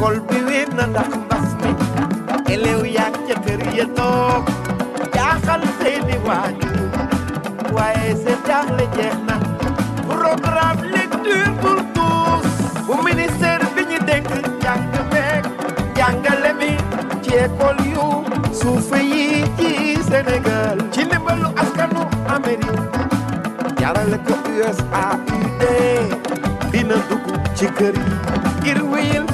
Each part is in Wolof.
école bi wéet na ndax mbas mi elew yaag ca kër ya toog jaaxal seeni waajur waaye seen jaaxle jeex na programme lecture pour tous bu ministère bi ñu dénk njàng meeg njàngale mi ci école yu suufe yi ci Sénégal ci ndimbalu askanu Amérique jarale ko USAID dina dugg ci kër yi ngir wéyal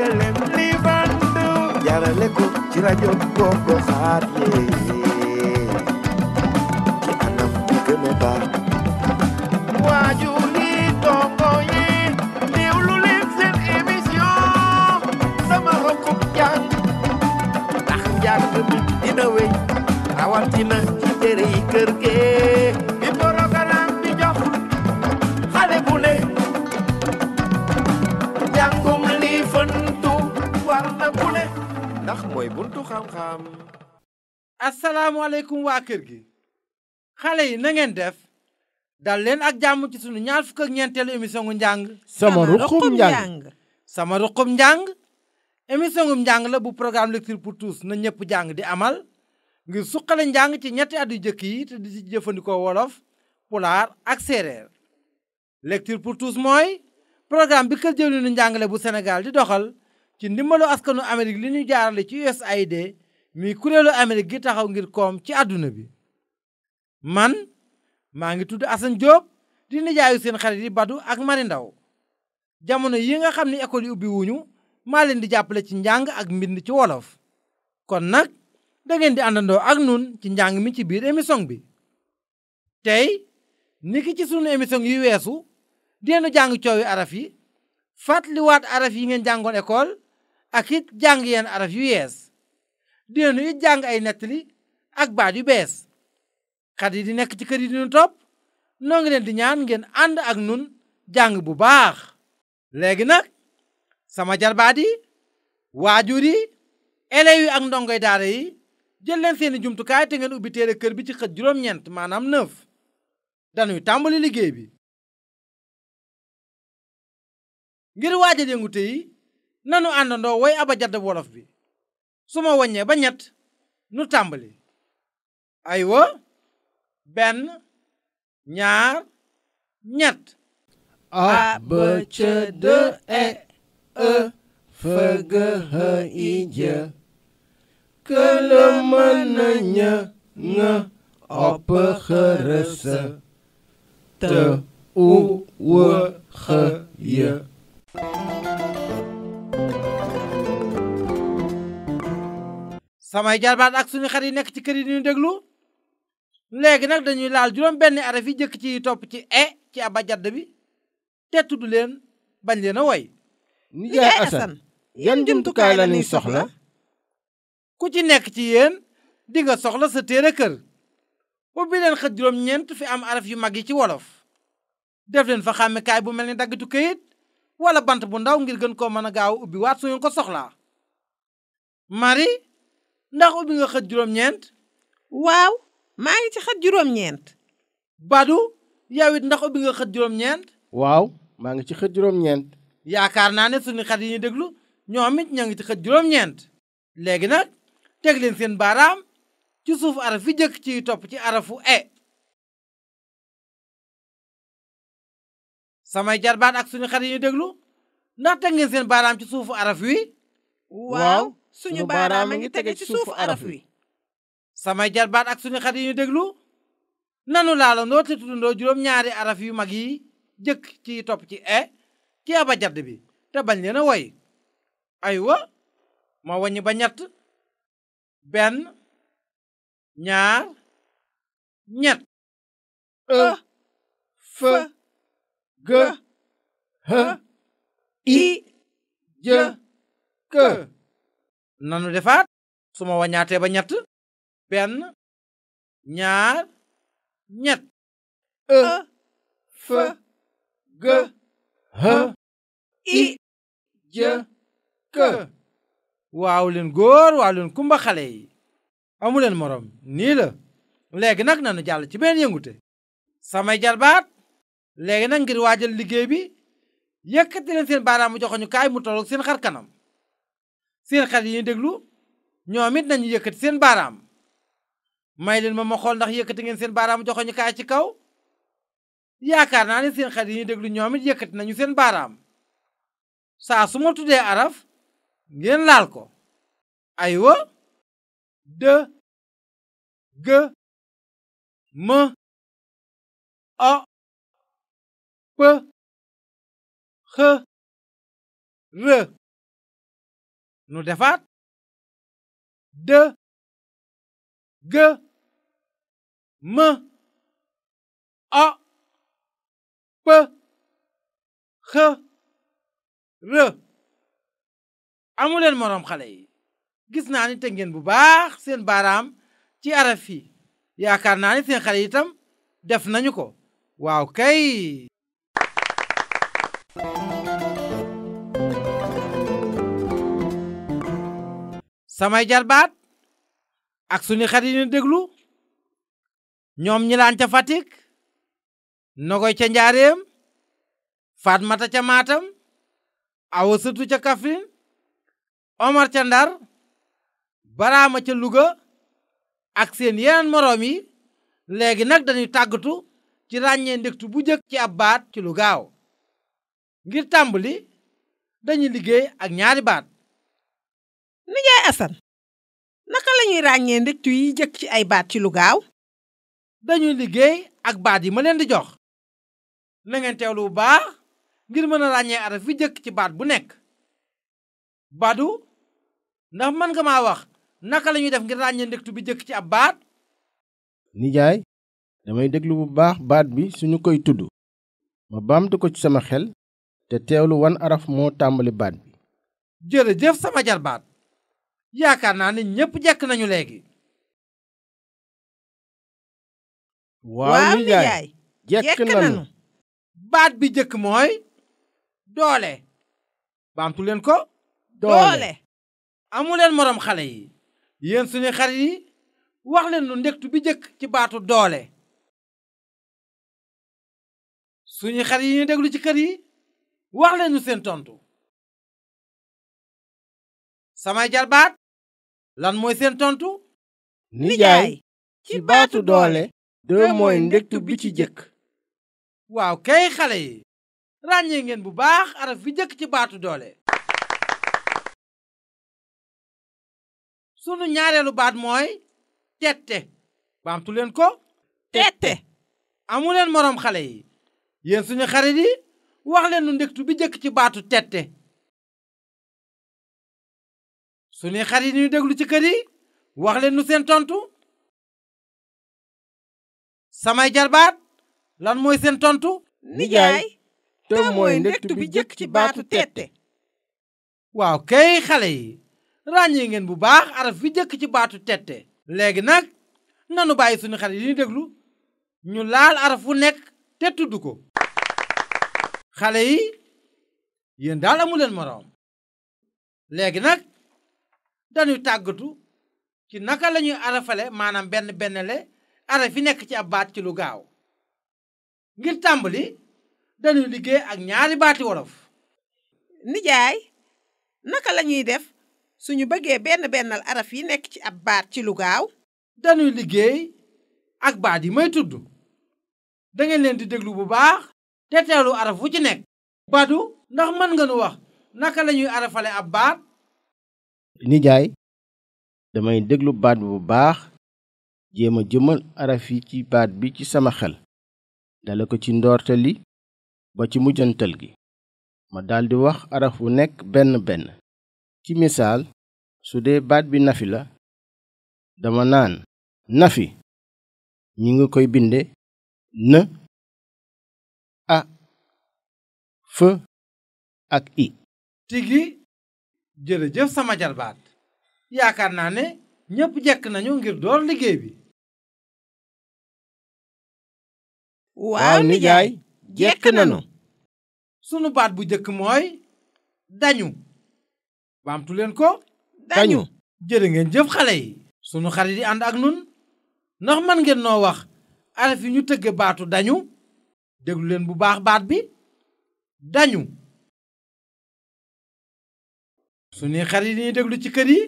jàngaleen li bantu ko ci rajo bokko xaat yee anam gën a baax waaju buntu xam waa kër gi. xale yi na ngeen def. dal leen ak jàmm ci sunu ñaar fukk ak ñeenteelu émission gu njàng. sama ruqum njàng sama ruqum njàng. émission gu njàng la bu programme lecture pour na ñëpp jàng di amal. ngir suqale njàng ci ñetti at yu jëkk yi te di ci jëfandikoo wolof pulaar ak séeréer lecture pour mooy programme bi kër jëwlinu njàngale bu Sénégal di doxal ci ndimbalu askanu Amérique li ñu jaarale ci USAID mi kuréelu Amérique gi taxaw ngir koom ci àdduna bi man maa ngi tudd Assane Diop di nijaayu seen xarit yi Badou ak Mari Ndaw jamono yi nga xam ni école yi ubbi wuñu maa leen di jàppale ci njàng ak mbind ci wolof kon nag da ngeen di àndandoo ak nun ci njàng mi ci biir émission bi tey niki ci sunu émission yu weesu dinañu jàng coowi araf yi fàttaliwaat araf yi ngeen jàngoon école ak it jàng yenn araf yu yees dinañu it jàng ay nettali ak baat yu bees xat yi di nekk ci kër yi dinu topp noo ngi leen di ñaan ngeen ànd ak nun jàng bu baax léegi nag sama jarbaat yi waajur yi élèves yi ak ndongoy daara yi jël leen seeni jumtukaay te ngeen ubbi téere kër bi ci xët juróom-ñeent maanaam neuf dañuy tàmbali liggéey bi ngir waajal nanu àndandoo way aba wolof bi su ma wàññee ba ñett nu tàmbali aywa benn ñaar ñett a b c d e e f g h i j k l m n ñ ŋ o samay jarbaat ak suñu xarit yi nekk ci kër yi ñu déglu léegi nag dañuy laal juróom benn araf yi jëkk ci topp ci e ci aba bi te tudd leen bañ leen a woy nijaay asan yan jumtukaay la ñuy soxla ku ci nekk ci yéen di nga soxla sa téere kër ubbi leen xët juróom-ñeent fi am araf yu mag yi ci wolof def leen fa xàmmikaay bu mel ni daggitu këyit wala bant bu ndaw ngir gën koo mën a gaaw ubbi waat su ngeen ko soxlaa mari ndax bi nga xët juróom-ñeent. waaw maa ngi ci xët juróom-ñeent. Badu yow it ndax bi nga xët juróom-ñeent. waaw maa ngi ci xët juróom-ñeent. yaakaar naa ne suñu xat yi ñu déglu ñoomit it ngi ci xët juróom-ñeent. léegi nag teg leen seen baaraam ci suufu araf yi jëkk ciy topp ci arafu e. samay jarbaat ak suñu xat yi ñu déglu ndax teg ngeen seen baaraam ci suufu araf wi. waaw. suñu baaraam a ngi tege ci suufu araf wi samay jarbaat ak suñu xarit yi ñu déglu nanu laalandoo te tuddandoo juróom-ñaari araf yu mag yi jëkk ci topp ci e ci aba jadd bi te bañ leen a woy aywa ma waññ ba ñett benn ñaar ñett e f g h i j nanu defaat su ma wañaatee ba ñett benn ñaar ñett e, e waaw leen góor waaw kumba xale yi amuleen moroom nii la léegi nag nanu jàll ci benn yëngute samay jarbaat léegi nag ngir waajal liggéey bi yëkkati leen seen baaraamu joxoñu kaay mu tolloog seen xar kanam siirkat yi ñu déglu ñoom it nañu yëkkati seen baaraam may leen ma xool ndax yëkkati ngeen seen baaraam joxoñu kaay ci kaw yaakaar naa ne seen xel yi ñuy déglu ñoom it yëkkati nañu seen baaraam saa su ma tuddee araf ngeen laal ko aywa dë gë më o pë xë rë nu defaat dë gë më o pë xë rë amuleen moroom xale yi gis naa ni te bu baax seen baaraam ci araf yi yaakaar naa ni seen xale itam def nañu ko waaw kay samay jarbaat ak suñu xarit yi ñu déglu ñoom ñi laan ca Fatick nogoy ca njaareem Fatmata ca Matam awa ca Kaffrine Omar ca Ndar Baraama ca Louga ak seen yeneen moroom yi léegi nag dañuy tàggatu ci ràññee ndektu bu jëkk ci ab baat ci lu gaaw ngir tàmbali dañuy liggéey ak ñaari baat nijaay asan naka lañuy ràññee ndëktu yi jëkk ci ay baat ci lu gaaw dañuy liggéey ak baat yi ma leen di jox na ngeen teewlu bu baax ngir mën a ràññee araf yi jëkk ci baat bu nekk badu ndax mën nga maa wax naka lañuy def ngir ràññee ndëktu bi jëkk ci ab baat nijaay damay déglu bu baax baat bi suñu koy tudd ma baamtu ko ci sama xel te teewlu wan araf moo tàmbali baat bi jërëjëf sama jarbaat yaakaar naa ne ñépp jekk nañu léegi waaw nijaay jekk nañu baat bi jëkk mooy doole baamtu leen ko doole amuleen leen moroom xale yi yéen suñu xarit yi waxleen leen lu ndektu bi jëkk ci baatu doole suñu xarit yi ñu déglu ci kër yi wax leen seen tontu samay jarbaat lan mooy seen tontu. nijaay ci baatu doole. deux mooy ndektu bi ci jëkk. waaw kay xale yi. ràññee ngeen bu baax araf bi jëkk ci baatu doole. sunu ñaareelu baat mooy tette baamtu leen ko tette amu leen moroom xale yi yéen suñu xarit yi wax leen nu ndektu bi jëkk ci baatu tette suñuy xar yi ñuy déglu ci kër yi wax leen nu seen tontu samay jarbaat lan mooy seen tontu nijaay te mooy ndektu bi jëkk ci baatu tette waaw kay xale yi ràññee ngeen bu baax araf bi jëkk ci baatu tette léegi nag nanu bàyyi suñu xar yi ñuy déglu ñu laal araf fu nekk te tudd ko xale yi yéen daal amuleen moroom léegi nag dañuy tàggatu ci naka lañuy arafale maanaam benn benn le araf yi nekk ci ab baat ci lu gaaw ngir tàmbali dañuy liggéey ak ñaari baati wolof nijaay naka lañuy def suñu bëggee benn bennal araf yi nekk ci ab baat ci lu gaaw dañuy liggéey ak baat yi may tudd dangeen leen di déglu bu baax te teelu araf wu ci nekk badu ndax mën nga nu wax naka lañuy arafale ab baat nijaay damay déglu baat bu baax jéema a jëmal araf yi ci baat bi ci sama xel dala ko ci ndoortali ba ci mujjantal gi ma daldi wax araf wu nekk benn benn ci misaal su dee baat bi nafi la dama naan nafi ñu ngi koy binde na a f ak i jërëjëf sama jarbaat yaakaar naa ne ñépp jekk nañu ngir door liggéey bi waaw nijaay jekk nañu sunu baat bu jëkk mooy dañu baamtu leen ko dañu jërë ngeen jëf xale yi sunu xarit yi ànd ak nun ndax man ngeen noo wax araf yi ñu tëgge baatu dañu déglu leen bu baax baat bi dañu suñuy xar yi dañuy déglu ci kër yi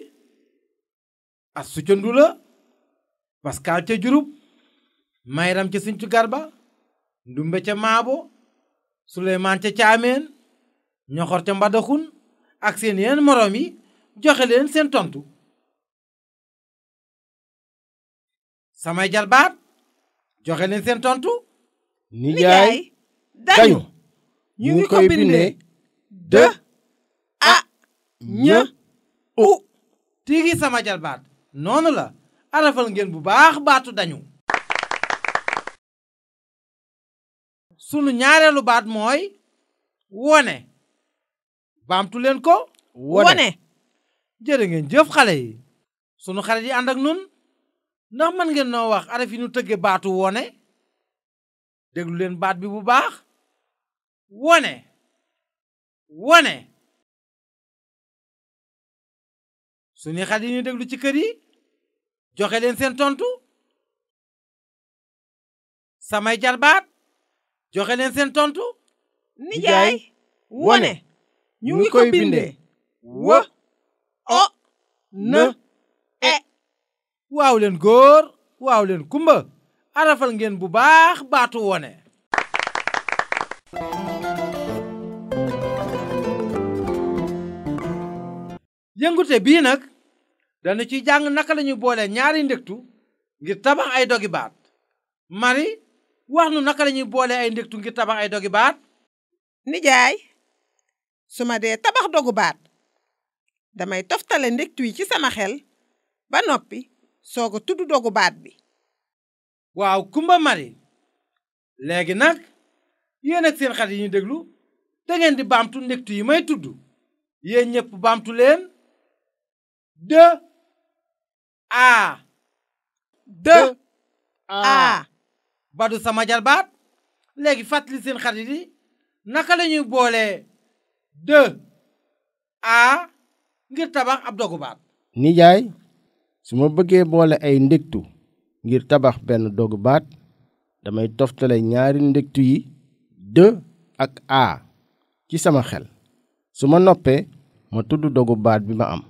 as su ca ndula Pascal ca jurub mayram ca sincu garba ndumbe ca maabo suleymaan ca caameen ñoxor ca mbadaxun ak seen yeneen moroom yi joxe leen seen tontu samay jarbaat joxe leen seen tontu nijaay dañu ñu ngi ko bindee dë ña u tigi sama jalbaat noonu la arafal ngeen bu baax baatu dañu sunu ñaareelu baat mooy wone baamtu leen ko wone jërë ngeen jëf xale yi sunu xarit yi ànd ak nun ndax mën ngeen noo wax araf yi nu tëgge baatu wone déglu leen baat bi bu baax wone wone suñu xarit yi ñu déglu ci kër yi joxe leen seen tontu samay jarbaat joxe leen seen tontu nijaay wone ñu ngi koy bindee wa o na e waaw leen góor waaw kumba arafal ngeen bu baax baatu wone dana ci jàng naka lañu boole ñaari ndëgtu ngir tabax ay dogi baat mari wax nu naka lañuy boole ay ndëgtu ngir tabax ay dogi baat nijaay su ma dee tabax dogu baat damay toftale ndëgtu yi ci sama xel ba noppi soog a tudd dogu baat bi waaw kumba mari léegi nag yéen ak seen xel yi ñu déglu da ngeen di baamtu ndëgtu yi may tudd yéen ñépp baamtu leen a de a badu sama jarbaat léegi fàttali seen xarit yi naka la ñuy boolee de a ngir tabax ab dogu baat nijaay su ma bëggee boole ay ndégtu ngir tabax benn dogu baat damay toftale ñaari ndégtu yi de ak a ci sama xel su ma noppee ma tudd dogu baat bi ma am.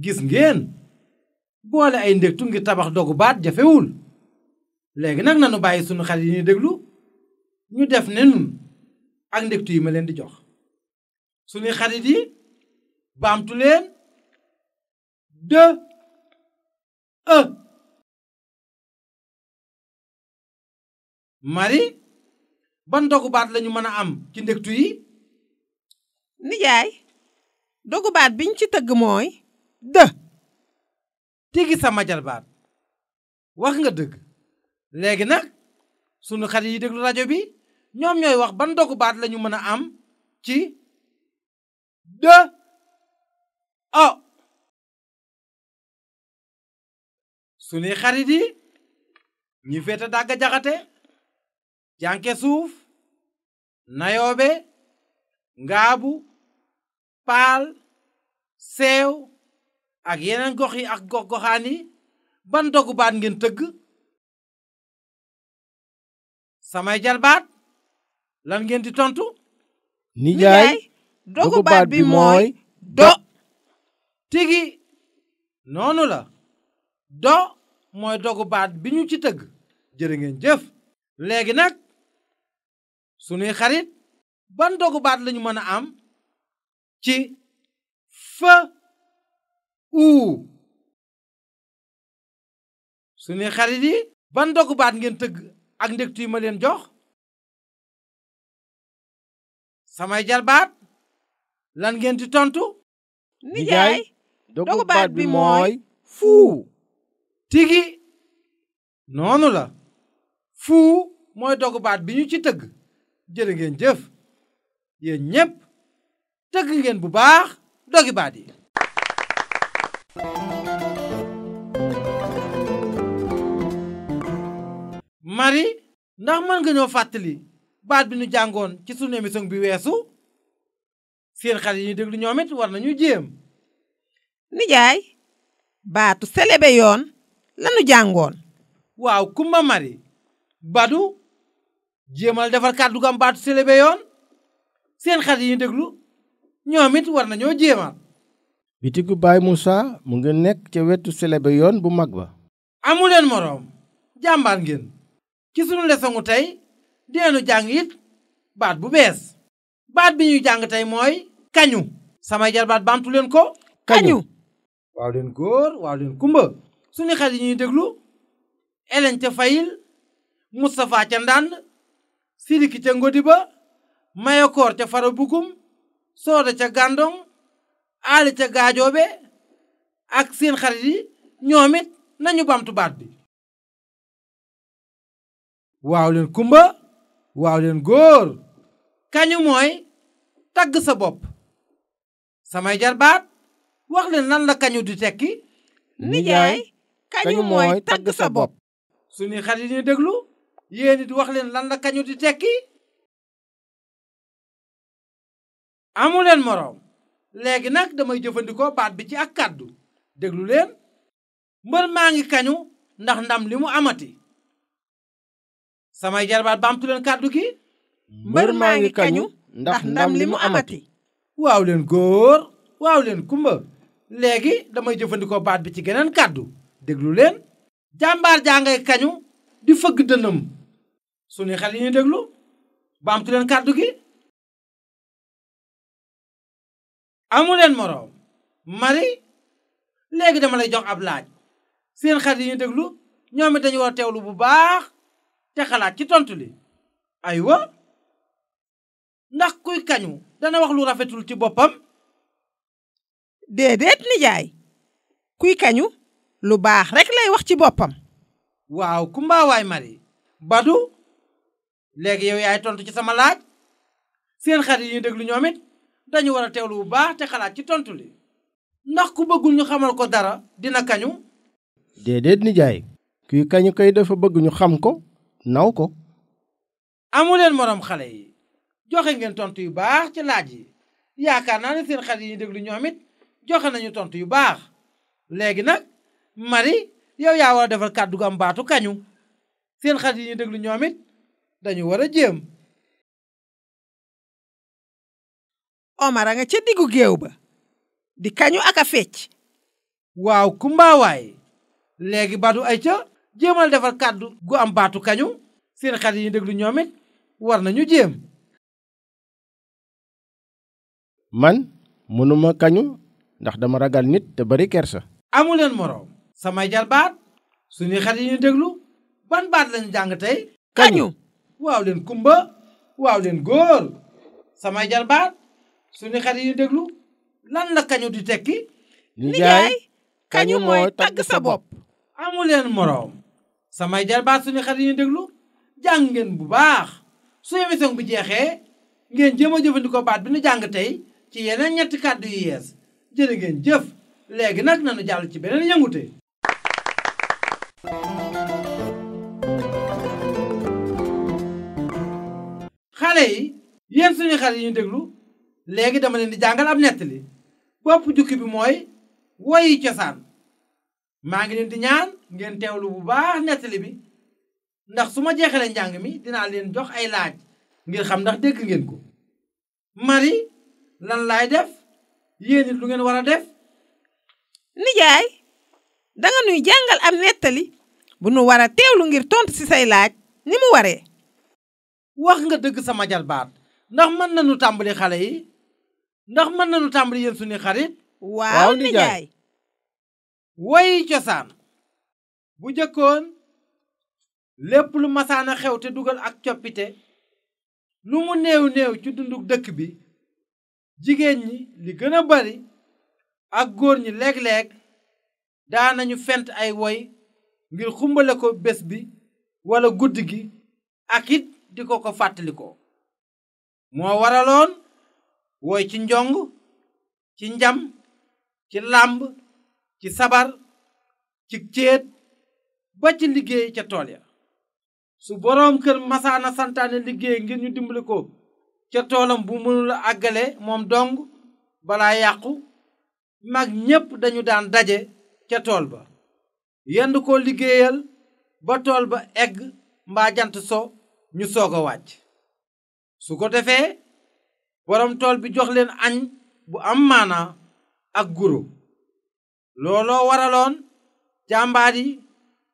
gis ngeen boole ay ndégtu ngir tabax dogu baat jafewul léegi nag nanu bàyyi sunu xel yi ñuy déglu ñu def ne nun ak ndégtu yi ma leen di jox sunuy xarit yi baamtu leen de mari ban dogu baat lañu mën a am ci ndégtu yi nijaay dogu baat biñ ci tëgg mooy dë tigi sama jarbaat wax nga dëgg léegi nag sunu xarit yi déglu rajo bi ñoom ñooy wax ban dogu baat lañu mën a am ci dë o sunuy xarit yi ñu féete dàgg jaxate jànke suuf nayoobe ngaabu paal seew ak yeneen gox yi ak gox goxaan yi ban dogu baat ngeen tëgg samay jarbaat lan ngeen di tontu nijaay dogu baat bi mooy do tigi noonu la do mooy dogu baat bi ñu ci tëgg jërë ngeen jëf léegi nag sunuy xarit ban dogu baat lañu mën a am ci fa su suñu xarit yi ban dogu baat ngeen tëgg ak ndektu yi ma leen jox samay jarbaat lan ngeen di tontu nijaay dogu baat bi mooy fuu tigi noonu la fuu mooy dogu baat bi ñu ci tëgg jërë ngeen jëf yéen ñépp tëgg ngeen bu baax dogi baat yi Marie ndax mën nga ñoo fàttali baat bi ñu jàngoon ci sunu émission bi weesu seen xale yi ñuy déglu ñoom war nañu jéem. nijaay baatu selebe yoon lanu jàngoon. waaw Kumba mari Badu jéemal defar kàddu gam baatu selebe yoon seen xale yi ñuy déglu ñoom it war nañoo jéemal. bitigu Baay Moussa mu ngi nekk ca wetu selebe yoon bu mag ba. amu leen moroom jàmbaar ngeen. ci sunu leçon tey dinañu jàng it baat bu bees baat bi ñuy jàng tey mooy kañu sama jarbaat baamtu leen ko kañu waaw leen góor waaw leen kumba suñu xel yi ñu déglu Elen ca Fayil Moustapha ca Ndànd Sidiki ca Ngodiba Mayakoor ca Fara Bugum Sooda ca Gàndong Ali ca Gaajoobe ak seen xarit yi ñoom nañu baamtu baat bi waaw leen kumba waaw leen góor kañu mooy tagg sa bopp samay jarbaat wax leen lan la kañu di tekki nijaay kañu mooy tagg sa bopp suñuy xarit yi déglu yéen it wax leen lan la kañu di tekki amuleen moroom léegi nag damay jëfandikoo baat bi ci ak kàddu déglu leen mbër maa ngi kañu ndax ndam li mu amati samay jarbaat baamtu leen kàddu gi mbër maa ngi kañu ndax ndam li mu amati waaw leen góor waaw leen kumba léegi damay jëfandikoo baat bi ci geneen kàddu déglu leen jàmbaar jaa ngay kañu di fëgg dënam sunu xel yi ñu déglu baamtu leen kàddu gi amu leen moroom mari léegi dama lay jox ab laaj seen xel yi ñu déglu ñoom dañu woo a teewlu bu baax te xalaat ci tontu li aywa ndax kuy kañu dana wax lu rafetul ci boppam déedéet nijaay kuy kañu lu baax rekk lay wax ci boppam waaw kumbaawaay mari badu léegi yow yaay tontu ci sama laaj seen xarit yi ñu déglu ñoom it dañu war a teewlu bu baax te xalaat ci tontu li ndax ku bëggul ñu xamal ko dara dina kañu déedéet nijaay kuy kañu kay dafa bëgguñu xam ko naw ko amuleen moroom xale yi joxe ngeen tontu yu baax ci laaj yi yaakaar naa ne seen xarit yi ñu déglu ñoom it joxe nañu tontu yu baax léegi nag mari yow yaa war a defal kàddu gu kañu seen xarit yi ñu déglu ñoom it dañu war a jéem Omar nga ca diggu géew ba di kañu ak a fecc waaw kumbaawaay léegi badu ay ca jéemal defar kàddu gu am baatu kañu seen xarit yi déglu ñoom war nañu jéem man mënuma kañu ndax dama ragal nit te bari kersa amuleen moroom samay jarbaat suñuy xarit yi ñu déglu ban baat lañu jàng tey kañu waaw leen kumba waaw leen góor samay jarbaat suñuy xarit yi déglu lan la kañu di tekki nijaay kañu mooy tagg sa bopp amuleen moroom samay jarbaat suñu xar yi ñu déglu jàng ngeen bu baax su émission bi jeexee ngeen jéem a jëfandikoo baat bi nu jàng tey ci yeneen ñetti kàddu yu yees jërë ngeen jëf léegi nag nanu jàll ci beneen yëngute. xale yi yéen suñu xarit yi ñu déglu léegi dama leen di jàngal ab nettali bopp jukki bi mooy woyi cosaan. maa ngi leen di ñaan ngeen teewlu bu baax nettali bi ndax su ma jeexalee njàng mi dinaa leen jox ay laaj ngir xam ndax dégg ngeen ko mari lan laay def yéen lu ngeen war a def nijaay danga nuy jàngal am nettali bu nu war a teewlu ngir tontu ci say laaj ni mu waree wax nga dëgg sama jalbaat ndax mën nañu tàmbali xale yi ndax mën nañu tàmbali yéen suñu xarit waaw nijaay woy cosaan bu jëkkoon lépp lu masaan a xew te dugal ak coppite lu mu néew néew ci dundu dëkk bi jigéen ñi li gën a bari ak góor ñi léeg-léeg daanañu fent ay woy ngir xumbale ko bés bi wala guddi gi ak it di ko ko fàttalikoo moo waraloon woy ci njong ci njam ci làmb ci sabar ci céet ba ci liggéey ca tool ya su boroom kër masaana santaane liggéey ngir ñu dimbali ko ca toolam bu mënul àggale moom dong balaa yàqu mag ñépp dañu daan daje ca tool ba yend ko liggéeyal ba tool ba egg mbaa jant so ñu soog a wàcc su ko defee boroom tool bi jox leen añ bu am ak guro looloo waraloon jàmbaar yi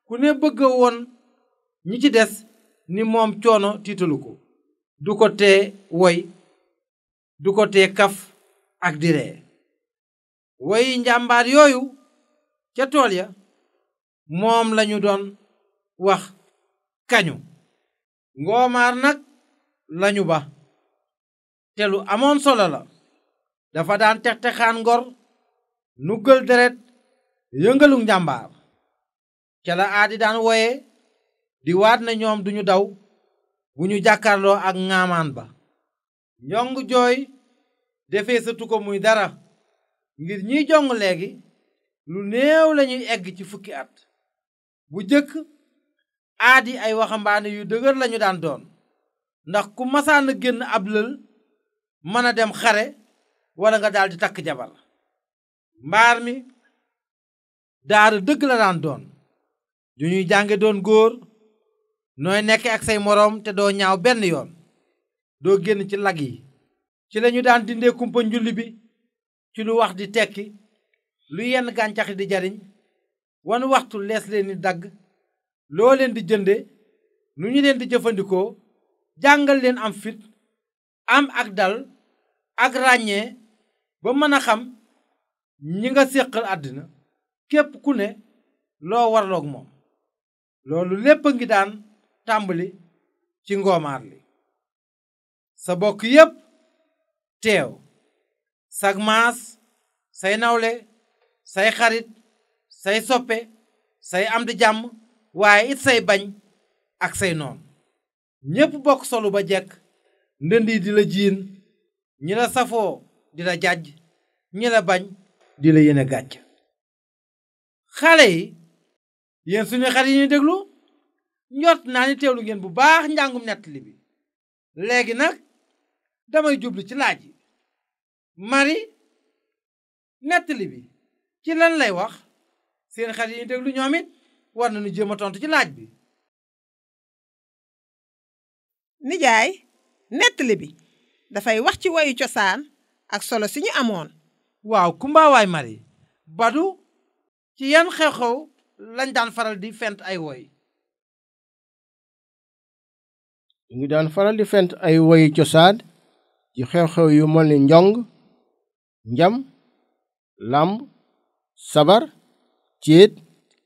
ku ne bëgg woon ñi ci des ni moom coono tiitalu ko du ko tee woy du ko tee kaf ak di ree woy njàmbaar yooyu ca tool ya moom lañu doon wax kañu ngoomaar nag lañu ba telu amoon solo la dafa daan textexaan ngor nu gël deret yëngalu njàmbaar ca la aadi daan woye di waat na ñoom duñu daw bu ñu jàkkaarloo ak ŋaamaan ba njong jooy defee satu ko muy dara ngir ñiy jong léegi lu néew lañuy egg ci fukki at bu jëkk aadi ay waxambaane yu dëgër lañu daan doon ndax ku masaan a génn ab lël mën a dem xare wala nga daldi takk jabar mbaar mi daara dëgg la daan doon du ñuy jànge doon góor nooy nekk ak say moroom te doo ñaaw benn yoon doo génn ci lag yi ci lañu daan dindee kumpa njulli bi ci lu wax di tekki lu yenn gàncax yi di jariñ wan waxtu lees leen di dagg loo leen di jënde nu ñu leen di jëfandikoo jàngal leen am fit am ak dal ak ràññee ba mën a xam ñi nga séqal àddina képp ku ne loo warloog moom loolu lépp a ngi daan tàmbali ci ngoomaar li sa bokk yépp teew sag maas say nawle say xarit say soppe say am di jàmm waaye it say bañ ak say noon ñépp bokk solu ba jekk ndënd yi di la jiin ñi safoo di la jàjj ñi bañ di la yéene gàcc xale yi yéen suñu xarit déglu njort naani ni teewlu ngeen bu baax njàngum nettali bi léegi nag damay jublu ci laaj yi mari nettali bi ci lan lay wax seen xarit yi déglu ñoom war nañu jéem a tontu ci laaj bi. nijaay nettali bi dafay wax ci woyu cosaan ak solo si amoon. waaw kumbaawaay Marie ci yan xew-xew lañ daan faral di fent ay woy ñu ngi daan faral di fent ay woyi cosaan ci xew-xew yu mel ni njong njam làmb sabar céet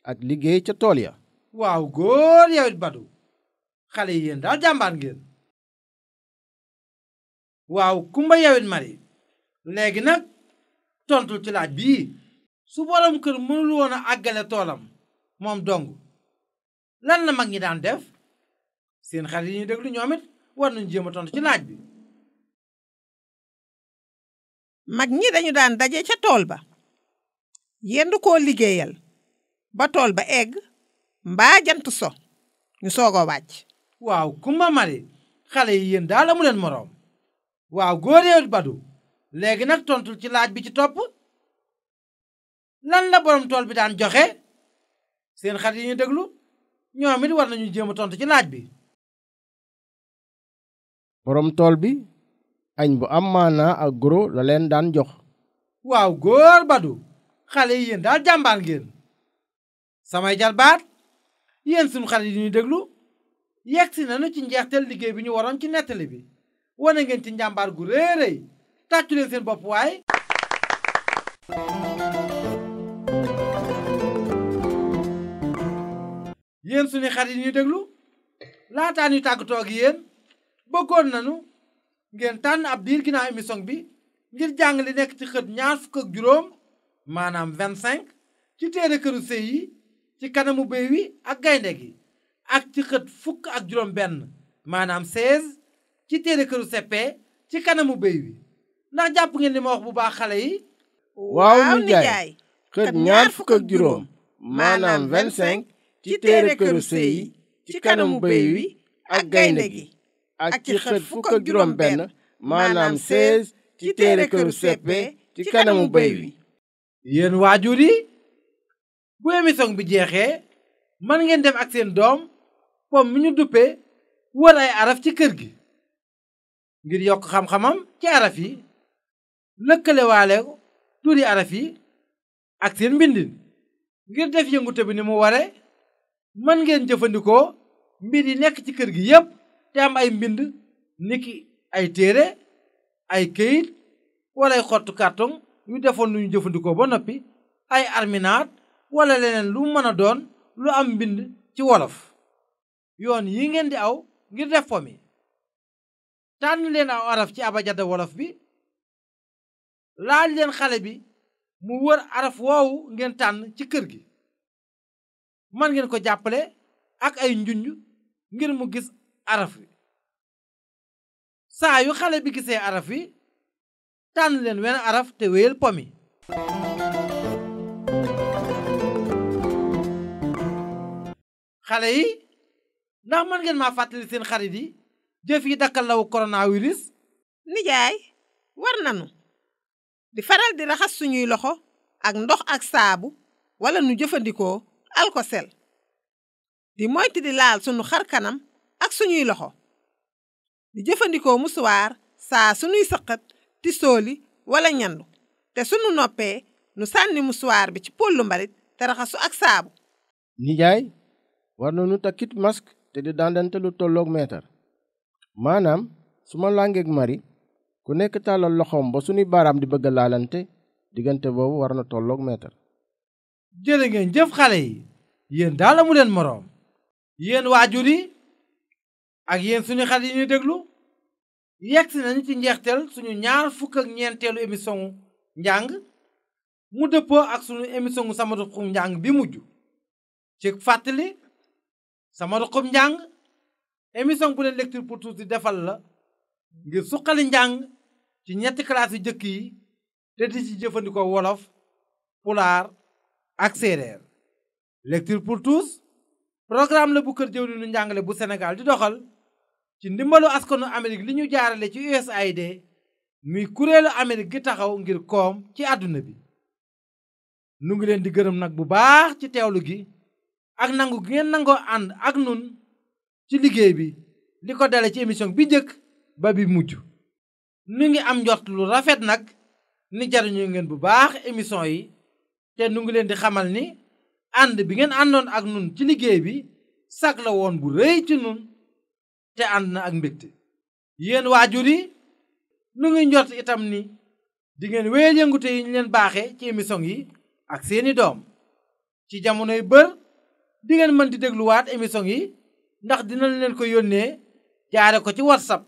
ak liggéey ca tool ya waaw góor yow it badu xale yi yéen daal jàmbaar ngeen waaw kumba yow it mari léegi nag tontul ci laaj bii su borom kër mënul woon a àggale toolam moom dong lan la mag ñi daan def seen xarit yi ñu déglu ñoom it war nañu jéem a tontu ci laaj bi. mag ñi dañu daan daje ca tool ba yendu koo liggéeyal ba tool ba egg mbaa jant so ñu soog a wàcc. waaw kumba mari xale yi yéen daal amu leen moroom. waaw góor badu léegi nag tontul ci laaj bi ci topp. lan la borom tool bi daan joxe seen xarit yi ñu déglu ñoom war nañu jéem a tontu ci laaj bi. borom tool bi añ bu am maanaa ak goro la leen daan jox. waaw góor badu xale yi yéen daal jàmbaar ngeen. samay jalbaat yéen sunu xarit yi ñu déglu yegsi nañu ci njeexteel liggéey bi ñu waroon ci nettali bi wane ngeen ci njàmbaar gu réeréy tàccu leen seen bopp waay. yéen suñu xar yi ñu déglu laataa yu tàggatoo ak yéen bëggoon nañu ngeen tànn ab diir ginnaaw émission bi ngir jàng li nekk ci xët ñaar fukk ak juróom maanaam 25 ci téere këru yi ci kanamu béy wi ak gaynde gi ak ci fukk ak juróom maanaam 16 ci téere këru seppee ci kanamu béy wi ndax jàpp ngeen li ma wax bu baax xale yi waaw nijaay xët ñaar fukk ak juróom ci téere këru sëy yi ci kanamu béy wi ak gaynde gi ak ci xët fukk ak juróom benn maanaam seize ci téere këru seppe ci kanamu béy wi waajur yi bu émission bi jeexee man ngeen dem ak seen doom pom mi ñu duppe wër ay araf ci kër gi ngir yokk xam-xamam ci araf yi lëkkalewaale turi araf yi ak seen mbindin ngir def yëngute bi ni mu ware mën ngeen jëfandikoo mbir yi nekk ci kër gi yépp te am ay mbind niki ay téere ay këyit wala ay xottu karton yu defoon lu jëfandikoo ba noppi ay arminaat wala leneen lu mën a doon lu am mbind ci wolof yoon yi ngeen di aw ngir def po mi tànn leen aw araf ci abajada wolof bi laal leen xale bi mu wër araf woowu ngeen tànn ci kër gi man ngeen ko jàppale ak ay njunj ngir mu gis araf wi saa xale bi gisee araf wi tànn leen wenn araf te wéyal po mi xale yi ndax mën ngeen maa fàttali seen xarit yi jëf yi dakkal lawu coronavirus nijaay war nanu di faral di raxas suñuy loxo ak ndox ak saabu wala nu jëfandikoo alkosel di moytu di laal sunu xar kanam ak suñuy loxo di jëfandikoo musuwaar saa sunuy sëqat ti sooli wala ñandu te sunu noppee nu sànni musuwaar bi ci pollu mbarit te raxasu ak saabu nijaay war nañu takkit masque te di dandante lu tolloog meetar maanaam su ma làngeeg mari ku nekk tàllal loxoom ba sunuy baaraam di bëgg laalante diggante boobu war na tollook meetar jërë ngeen jëf xale yi yéen daal amu leen moroom yéen waajur yi ak yéen suñu xale yi ñuy déglu yegsi nañu ci njeexteel suñu ñaar fukk ñeenteelu émission njàng mu dëppoo ak suñu émission sama ruqum njàng bi mujj ci fàttali sama ruqum njàng émission bu leen lecture pour di defal la ngir suqali njàng ci ñetti classe jëkk yi te di jëfandikoo wolof pulaar ak séeréer lecture pour tous programme la bu kër jëwriñu njàngale bu Sénégal di doxal ci ndimbalu askanu Amérique li ñu jaarale ci USAID mi kuréelu Amérique gi taxaw ngir koom ci àdduna bi nu ngi leen di gërëm nag bu baax ci teewlu gi ak nangu gi ngeen nangoo ànd ak nun ci liggéey bi li ko dale ci émission bi njëkk ba bi mujj nu ngi am njort lu rafet nag ni jaruñu ngeen bu baax émission yi te nu ngi leen di xamal ni ànd bi ngeen àndoon ak nun ci liggéey bi sag la woon bu rëy ci nun te ànd na ak mbégte yenn waajur yi nu ngi njort itam ni di ngeen wéyal yëngute yi ñu leen baaxe ci émission yi ak seeni doom ci jamonoy bër di ngeen mën di dégluwaat émission yi ndax dina leen ko yónnee jaare ko ci war sab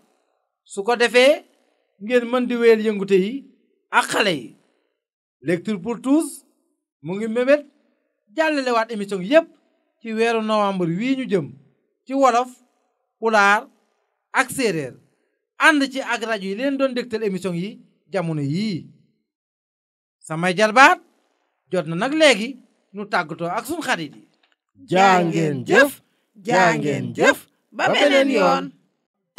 su ko defee ngeen mën di wéyal yëngute yi ak xale yi lecture tous mu ngi mébét jàllalewaat émission yépp ci weeru novembre wii ñu jëm ci wolof pulaar ak séeréer ànd ci ak rajo yi leen doon dégtal émission yi jamono yii samay jarbaat jot na nag léegi ñu tàggatoo ak sun xarit yi jaangeen jëf jaangeen jëf ba beneen yoon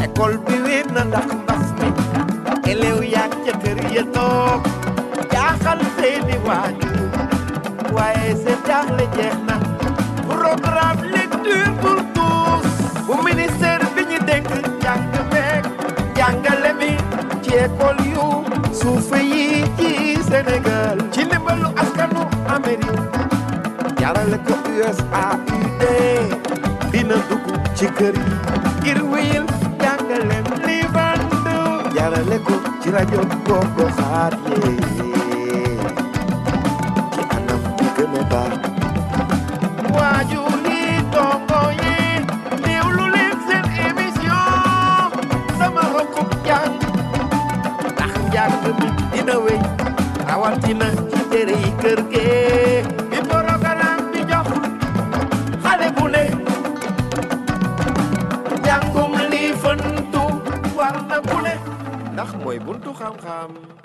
école bi wéet na ndax mbas mi elew yaag ca kër ya toog jaaxal seeni waajur waaye seen jàngle jeex na programme lecture pour tous bu ministère bi ñu dénk jàng meek jàngale mi ci école yu suufe yi ci Sénégal ci ndimbalu askanu Amérique jarale ko USAID dina dugg ci kër yi ngir wéyal jàngale li band jarale ko ci rajo gox goxaat baax waajur yi dongo yi déglu leen seen émission sama rokkub jàng ndax njàng bi dina wéy rawatina ci tere yi kër gee bi programme bi jox xale bu ne njàngum lii fëntu war na bu ne ndax mooy buntu xam-xam